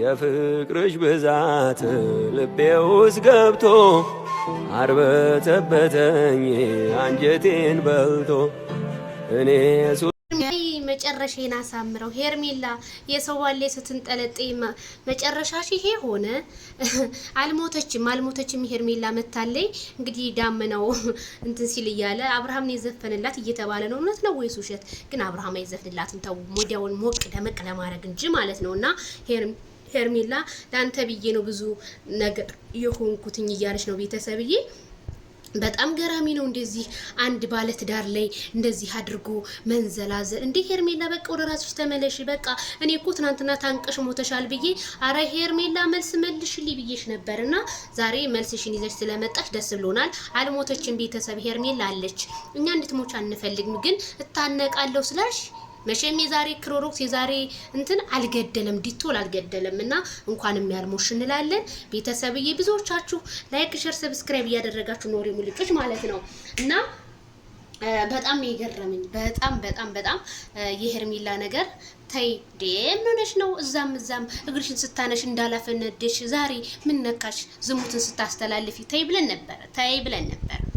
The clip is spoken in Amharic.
የፍቅርሽ ብዛት ልቤ ውስጥ ገብቶ አርበተበተኝ አንጀቴን በልቶ እኔ መጨረሻዬን አሳምረው ሄርሜላ የሰው ባሌ ስትንጠለጥይ መጨረሻሽ ይሄ ሆነ። አልሞተችም አልሞተችም ሄርሜላ መታለይ። እንግዲህ ዳመናው እንትን ሲል እያለ አብርሃምን የዘፈንላት እየተባለ ነው። እውነት ነው ወይስ ውሸት? ግን አብርሃም አይዘፍንላትም ተው፣ ወዲያውን ሞቅ ደመቅ ለማድረግ እንጂ ማለት ነው እና ሄርሜላ ለአንተ ብዬ ነው ብዙ ነገር የሆንኩትኝ እያለች ነው ቤተሰብዬ። በጣም ገራሚ ነው። እንደዚህ አንድ ባለትዳር ላይ እንደዚህ አድርጎ መንዘላዘል። እንዴ ሄርሜላ በቃ ወደ ራስሽ ተመለሽ። በቃ እኔ እኮ ትናንትና ታንቀሽ ሞተሻል ብዬ አረ ሄርሜላ መልስ መልሽልኝ ብዬሽ ነበር እና ዛሬ መልስሽን ይዘሽ ስለመጣሽ ደስ ብሎናል። አልሞተችን ቤተሰብ ሄርሜላ አለች። እኛ እንድትሞች አንፈልግም፣ ግን እታነቃለሁ ስላልሽ መቼም የዛሬ ክሮሮክስ የዛሬ እንትን አልገደለም፣ ዲቶል አልገደለም። እና እንኳንም ያልሞሽ እንላለን ቤተሰብዬ። ብዙዎቻችሁ ላይክ፣ ሸር፣ ሰብስክራይብ እያደረጋችሁ ኖሪ ሙልጮች ማለት ነው እና በጣም የገረመኝ በጣም በጣም በጣም የሄርሜላ ነገር ተይ ደም ሆነሽ ነው እዛም እዛም እግርሽን ስታነሽ እንዳላፈነደሽ ዛሬ ምን ነካሽ? ዝሙትን ስታስተላልፊ ተይ ብለን ነበረ ተይ ብለን ነበረ።